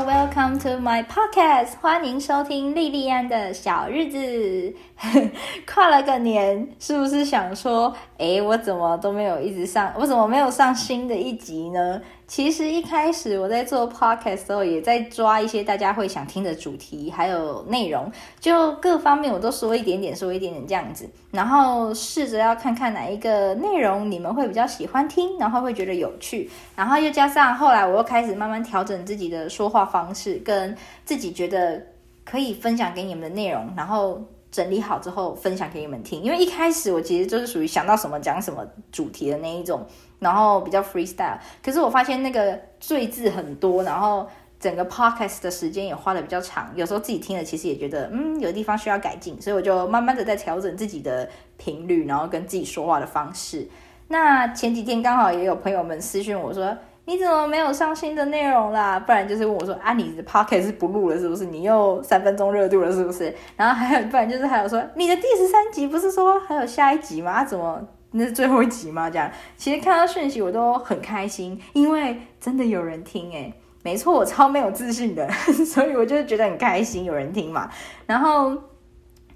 Welcome to my podcast，歡迎收聽莉莉安的小日子。 跨了個年，是不是想說，誒，我怎麼都沒有一直上，我怎麼沒有上新的一集呢？其實一開始我在做 podcast 時候，也在抓一些大家會想聽的主題，還有內容，就各方面我都說一點點，說一點點這樣子，然後試着要看看哪一個內容你們會比較喜歡聽，然後會覺得有趣，然後又加上後來我又開始慢慢調整自己的說話方式，跟自己覺得可以分享給你們的內容，然後整理好之後分享給你們聽，因為一開始我其實就是屬於想到什麼講什麼主題的那一種。然後比較 freestyle，可是我發現那個贅字很多，然後整個 podcast 的時間也花的比較長，有時候自己聽了其實也覺得，嗯，有的地方需要改進，所以我就慢慢的在調整自己的頻率，然後跟自己說話的方式。那前幾天剛好也有朋友們私訊我說，你怎麼沒有上新的內容啦？不然就是問我說，啊，你的 podcast 是不錄了是不是？你又三分鐘熱度了是不是？然後還有不然就是還有說，你的第十三集不是說還有下一集嗎？啊、怎麼？那是最後一集嗎？這樣，其實看到訊息我都很開心，因為真的有人聽誒、欸，沒錯，我超沒有自信的，所以我就覺得很開心有人聽嘛。然後，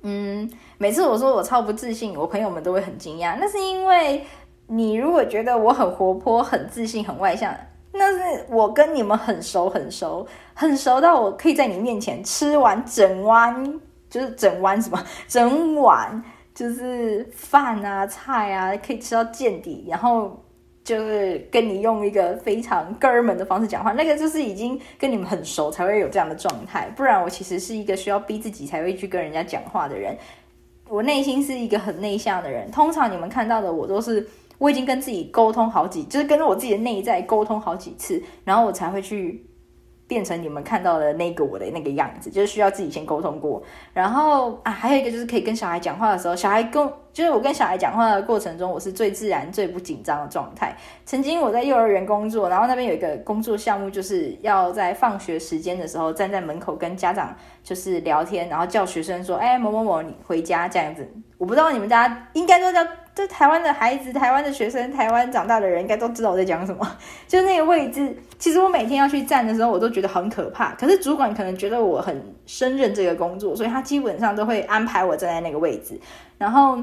嗯，每次我說我超不自信，我朋友們都會很驚訝。那是因為你如果覺得我很活潑、很自信、很外向，那是我跟你們很熟，很熟、很熟、很熟到我可以在你面前吃完整碗，就是整碗什麼，整碗。就是飯啊菜啊，可以吃到見底，然後就是跟你用一個非常哥們的方式講話，那個就是已經跟你們很熟才會有這樣的狀態，不然我其實是一個需要逼自己才會去跟人家講話的人，我內心是一個很內向的人，通常你們看到的我都是我已經跟自己溝通好幾，就是跟着我自己的內在溝通好幾次，然後我才會去。變成你們看到的那個我的那個樣子，就是需要自己先溝通過。然後啊，還有一個就是可以跟小孩講話的時候，小孩跟就是我跟小孩講話的過程中，我是最自然、最不緊張的狀態。曾經我在幼兒園工作，然後那邊有一個工作項目，就是要在放學時間的時候站在門口跟家長就是聊天，然後叫學生說：“欸，某某某，你回家。”這樣子，我不知道你們家應該都叫。這台灣的孩子，台灣的學生，台灣長大的人，應該都知道我在講什麼。就那個位置，其實我每天要去站的時候，我都覺得很可怕。可是主管可能覺得我很勝任這個工作，所以他基本上都會安排我站在那個位置。然後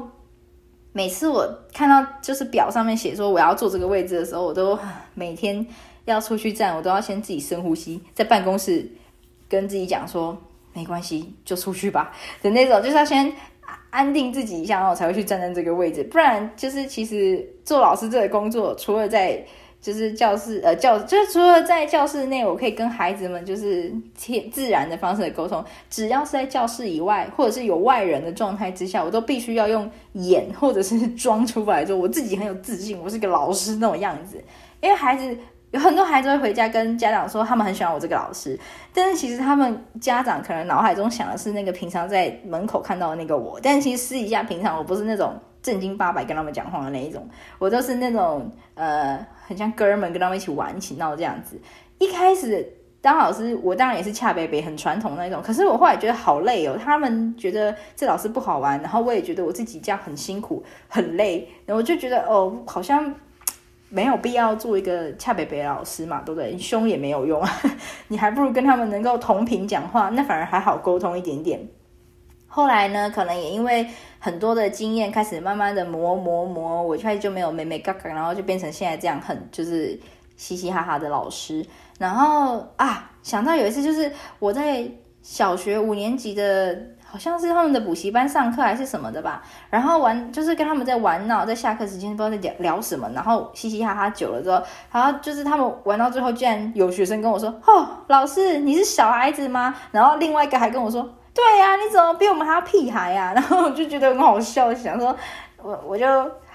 每次我看到就是表上面寫說我要坐這個位置的時候，我都每天要出去站，我都要先自己深呼吸，在辦公室跟自己講說沒關係，就出去吧的那種，就是要先。安定自己一下，然後才會去站在這個位置。不然，就是其實做老師這個工作，除了在就是教室，呃，教就是除了在教室內，我可以跟孩子們就是天自然的方式溝通。只要是在教室以外，或者是有外人的狀態之下，我都必須要用演或者是裝出來，就我自己很有自信，我是個老師那種樣子。因為孩子。有很多孩子會回家跟家長說，他們很喜歡我這個老師，但是其實他們家長可能腦海中想的是那個平常在門口看到的那個我，但其實私底下，平常我不是那種正經八百跟他們講話的那一種，我都是那種呃，很像哥們跟他們一起玩一起鬧這樣子。一開始當老師，我當然也是恰北北很傳統那一種，可是我後來覺得好累哦，他們覺得這老師不好玩，然後我也覺得我自己這樣很辛苦很累，然後我就覺得哦，好像。沒有必要做一個恰北北老師嘛，對不對？你凶也沒有用啊， 你還不如跟他們能夠同頻講話，那反而還好溝通一點點。後來呢，可能也因為很多的經驗，開始慢慢的磨磨磨，我開始就沒有美美嘎嘎，然後就變成現在這樣很就是嘻嘻哈哈的老師。然後啊，想到有一次就是我在小學五年級的。好像是他們的補習班上課還是什麼的吧，然後玩就是跟他們在玩鬧，在下課時間不知道在聊聊什麼，然後嘻嘻哈哈久了之後，然後就是他們玩到最後，居然有學生跟我說：“哦，老師你是小孩子嗎？”然後另外一個還跟我說：“對呀，你怎麼比我們還要屁孩呀？”然後我就覺得很好笑，想說，我我就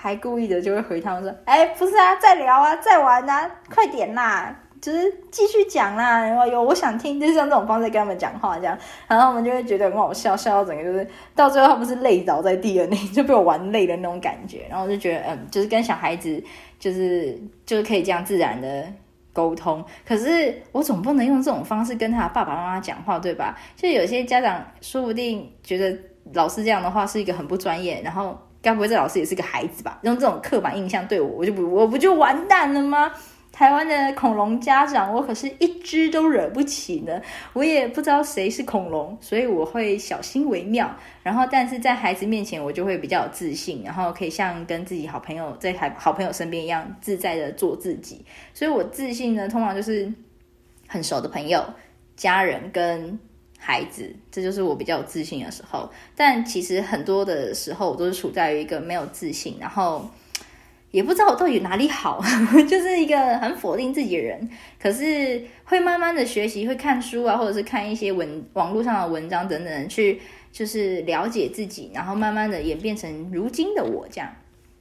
還故意的就會回他們說：“哎，不是啊，再聊啊，再玩啊，快點啦！”就是繼續講啦，然後有我想聽，就是像這種方式跟他們講話這樣，然後我們就會覺得很好笑，笑到整個就是到最後他不是累倒在地了那，你就被我玩累的那種感覺。然後我就覺得，嗯，就是跟小孩子就是就是可以這樣自然的溝通。可是我總不能用這種方式跟他爸爸媽媽講話，對吧？就有些家長說不定覺得老師這樣的話是一個很不專業，然後該不會這老師也是個孩子吧？用這種刻板印象對我，我就不我不就完蛋了嗎？台灣的恐龍家長，我可是一隻都惹不起呢。我也不知道誰是恐龍，所以我會小心為妙。然後，但是在孩子面前，我就會比較有自信，然後可以像跟自己好朋友在好朋友身邊一樣自在的做自己。所以我自信呢，通常就是很熟的朋友、家人跟孩子，這就是我比較有自信的時候。但其實很多的時候，我都是處在於一個沒有自信，然後。也不知道我到底哪裡好， 就是一個很否定自己的人，可是會慢慢的學習，會看書啊，或者是看一些文，網絡上的文章等等，去就是了解自己，然後慢慢的演變成如今的我這樣。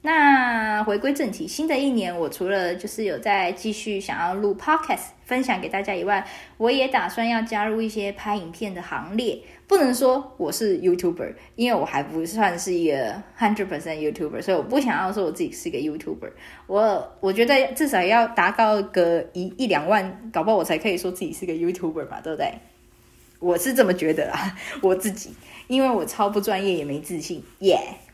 那回歸正題，新的一年我除了就是有在繼續想要錄 podcast 分享給大家以外，我也打算要加入一些拍影片的行列。不能說我是 YouTuber，因為我還不算是一個 hundred percent YouTuber，所以我不想要說我自己是個 YouTuber。我我覺得至少要達到個一一兩萬，搞不好我才可以說自己是個 YouTuber 嘛，對不對？我是這麼覺得啊，我自己，因為我超不專業，也沒自信耶。Yeah!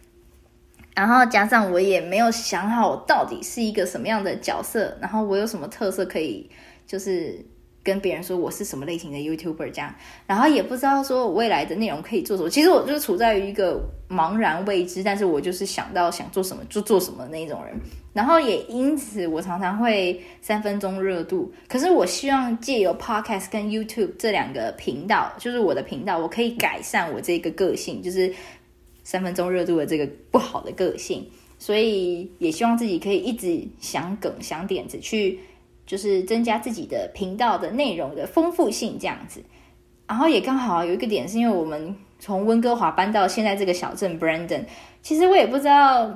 然後加上我也沒有想好我到底是一個什麼樣的角色，然後我有什麼特色可以，就是跟別人說我是什麼類型的 YouTuber 這樣，然後也不知道說我未來的內容可以做什麼。其實我就處在於一個茫然未知，但是我就是想到想做什麼就做什麼那種人。然後也因此我常常會三分鐘熱度。可是我希望借由 Podcast 跟 YouTube 這兩個頻道，就是我的頻道，我可以改善我這個個性，就是。三分鐘熱度的這個不好的個性，所以也希望自己可以一直想梗、想點子，去就是增加自己的頻道的內容的豐富性這樣子。然後也剛好有一個點，是因為我們從溫哥華搬到現在這個小鎮 Brandon，其實我也不知道，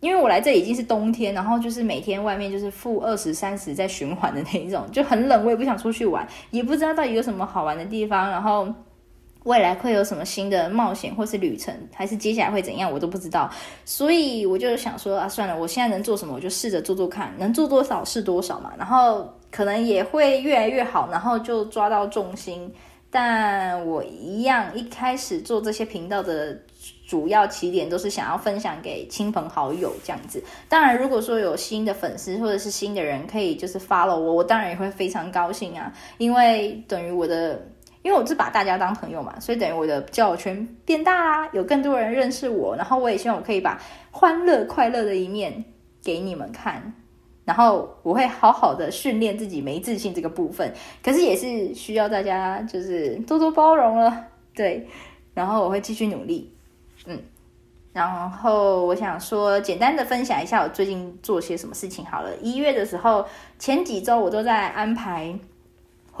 因為我來這已經是冬天，然後就是每天外面就是負二十三十在循環的那一種，就很冷，我也不想出去玩，也不知道到底有什麼好玩的地方，然後。未來會有什麼新的冒險或是旅程，還是接下來會怎樣，我都不知道。所以我就想說啊，算了，我現在能做什麼，我就試着做做看，能做多少是多少嘛。然後可能也會越來越好，然後就抓到重心。但我一樣一開始做這些頻道的主要起點，都是想要分享給親朋好友這樣子。當然，如果說有新的粉絲或者是新的人可以就是 follow 我，我當然也會非常高興啊，因為等於我的。因為我是把大家當朋友嘛，所以等於我的交友圈變大啦、啊，有更多人認識我，然後我也希望我可以把歡樂、快樂的一面給你們看，然後我會好好的訓練自己沒自信這個部分，可是也是需要大家就是多多包容了，對，然後我會繼續努力，嗯，然後我想說簡單的分享一下我最近做些什麼事情好了，一月的時候前幾周我都在安排。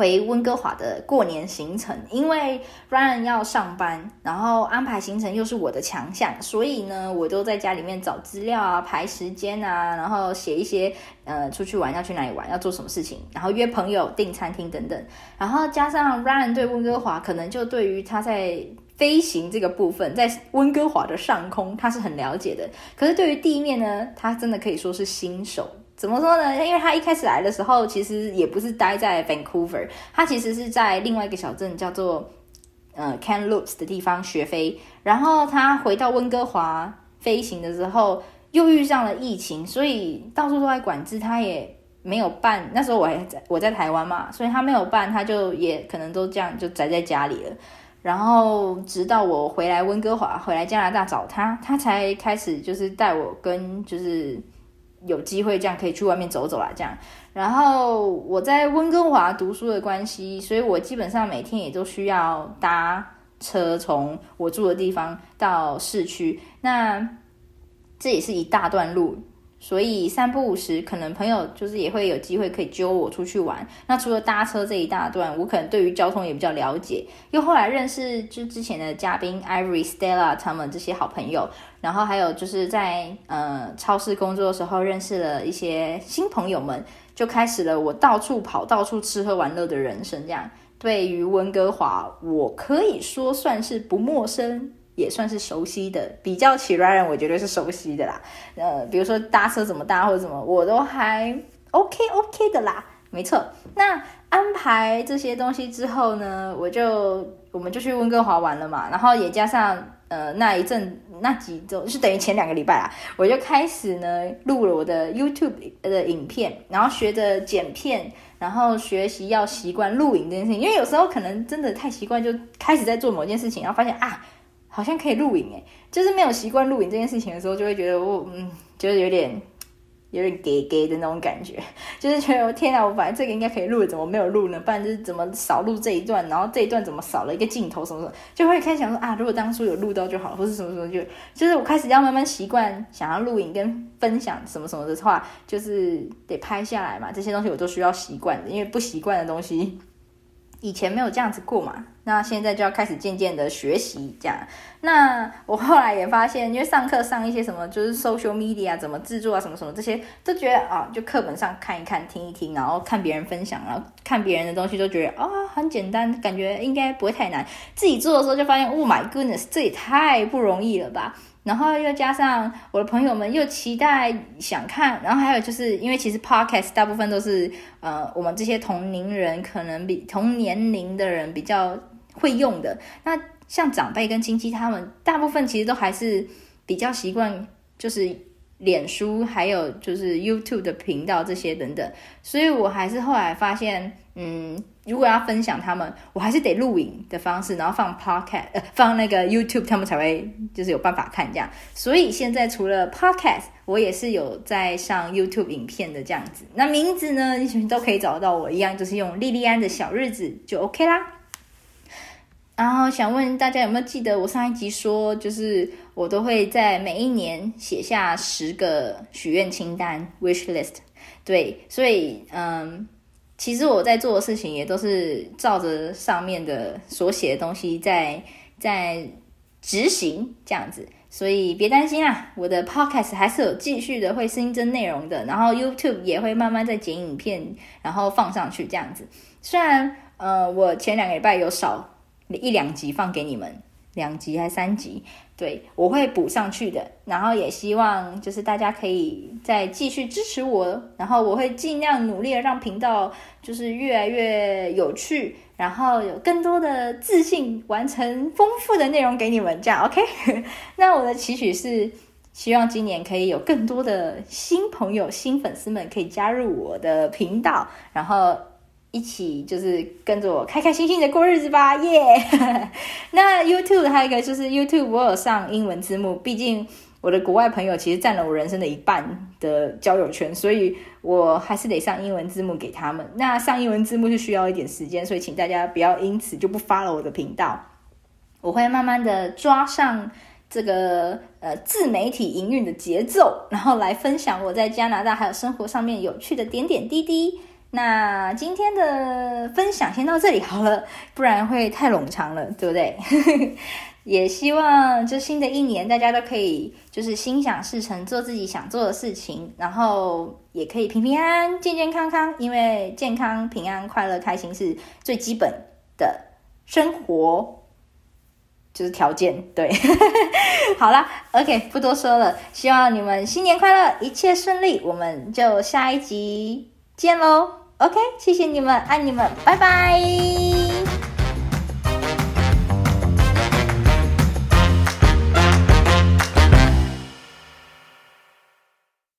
回溫哥華的過年行程，因為 Ryan 要上班，然後安排行程又是我的強項，所以呢，我都在家裡面找資料啊，排時間啊，然後寫一些呃出去玩要去哪裡玩，要做什麼事情，然後約朋友訂餐廳等等。然後加上 Ryan 對溫哥華可能就對於他在飛行這個部分，在溫哥華的上空他是很了解的，可是對於地面呢，他真的可以說是新手。怎麼說呢？因為他一開始來的時候，其實也不是待在 Vancouver，他其實是在另外一個小鎮叫做呃 Kamloops 的地方學飛。然後他回到溫哥華飛行的時候，又遇上了疫情，所以到處都在管制，他也沒有辦。那時候我還在，我在台灣嘛，所以他沒有辦，他就也可能都這樣就宅在家裡了。然後直到我回來溫哥華，回來加拿大找他，他才開始就是帶我跟就是。有機會這樣可以去外面走走啦、啊，這樣。然後我在溫哥華讀書的關係，所以我基本上每天也都需要搭車從我住的地方到市區。那這也是一大段路。所以三不五時，可能朋友就是也會有機會可以揪我出去玩。那除了搭車這一大段，我可能對於交通也比較了解。又後來認識就之前的嘉賓 Ivy Stella 他們這些好朋友，然後還有就是在呃超市工作的時候認識了一些新朋友們，就開始了我到處跑，到處吃喝玩樂的人生。這樣對於溫哥華，我可以說算是不陌生。也算是熟悉的，比較起 r 我覺得是熟悉的啦。呃，比如說搭車怎麼搭或者怎麼，我都還 OK OK 的啦，沒錯。那安排這些東西之後呢，我就我們就去溫哥華玩了嘛，然後也加上呃那一陣那幾週，是等於前兩個禮拜啦，我就開始呢錄了我的 YouTube 的影片，然後學着剪片，然後學習要習慣錄影這件事情，因為有時候可能真的太習慣，就開始在做某件事情，然後發現啊。好像可以錄影誒、欸，就是沒有習慣錄影這件事情的時候，就會覺得我嗯，就是有點有點給給的那種感覺，就是覺得我天啊，我本來這個應該可以錄，怎麼沒有錄呢？不然就是怎麼少錄這一段，然後這一段怎麼少了一個鏡頭什麼什麼，就會開始想說啊，如果當初有錄到就好，或是什麼什麼，就就是我開始要慢慢習慣想要錄影跟分享什麼什麼的話，就是得拍下來嘛，這些東西我都需要習慣的，因為不習慣的東西。以前沒有這樣子過嘛，那現在就要開始漸漸的學習這樣。那我後來也發現，因為上課上一些什麼就是 social media 啊，怎麼制作啊，什麼什麼這些，都覺得啊，就課本上看一看，聽一聽，然後看別人分享，然後看別人、人的東西，都覺得啊，哦，很簡單，感覺應該不會太難。自己做的時候就發現，Oh my goodness，這也太不容易了吧。然後又加上我的朋友們又期待想看，然後還有就是因為其實 podcast 大部分都是呃我們這些同齡人，可能比同年齡的人比較會用的，那像長輩跟親戚他們大部分其實都還是比較習慣就是。臉書還有就是 YouTube 的頻道這些等等，所以我還是後來發現，嗯，如果要分享他們，我還是得錄影的方式，然後放 podcast，呃，放那個 YouTube，他們才會就是有辦法看這樣。所以現在除了 podcast，我也是有在上 YouTube 影片的這樣子。那名字呢，你都可以找到我一樣，就是用莉莉安的小日子就 OK 啦。然後想問大家有沒有記得我上一集說，就是我都會在每一年寫下十個許願清單 （wish list）。對，所以嗯，其實我在做的事情也都是照着上面的所寫的東西在在執行這樣子。所以別擔心啊，我的 podcast 還是有繼續的，會新增內容的。然後 YouTube 也會慢慢在剪影片，然後放上去這樣子。雖然呃、嗯，我前兩個禮拜有少。一兩集放給你們，兩集還是三集？對，我會補上去的。然後也希望就是大家可以再繼續支持我，然後我會盡量努力的讓頻道就是越來越有趣，然後有更多的自信完成豐富的內容給你們。這樣 OK？ 那我的期許是希望今年可以有更多的新朋友、新粉絲們可以加入我的頻道，然後。一起就是跟着我開開心心的過日子吧，耶、yeah! 那 YouTube 還有一個就是 YouTube 我有上英文字幕，畢竟我的國外朋友其實占了我人生的一半的交友圈，所以我還是得上英文字幕給他們。那上英文字幕就需要一點時間，所以請大家不要因此就不 follow 我的頻道。我會慢慢的抓上這個呃自媒體營運的節奏，然後來分享我在加拿大還有生活上面有趣的點點滴滴。那今天的分享先到這裡好了，不然會太冗長了，對不對？ 也希望就新的一年，大家都可以就是心想事成，做自己想做的事情，然後也可以平平安安、健健康康，因為健康、平安、快樂、開心是最基本的生活就是條件。對， 好了，OK，不多說了，希望你們新年快樂，一切順利，我們就下一集見嘍。OK，謝謝你們，愛你們，拜拜。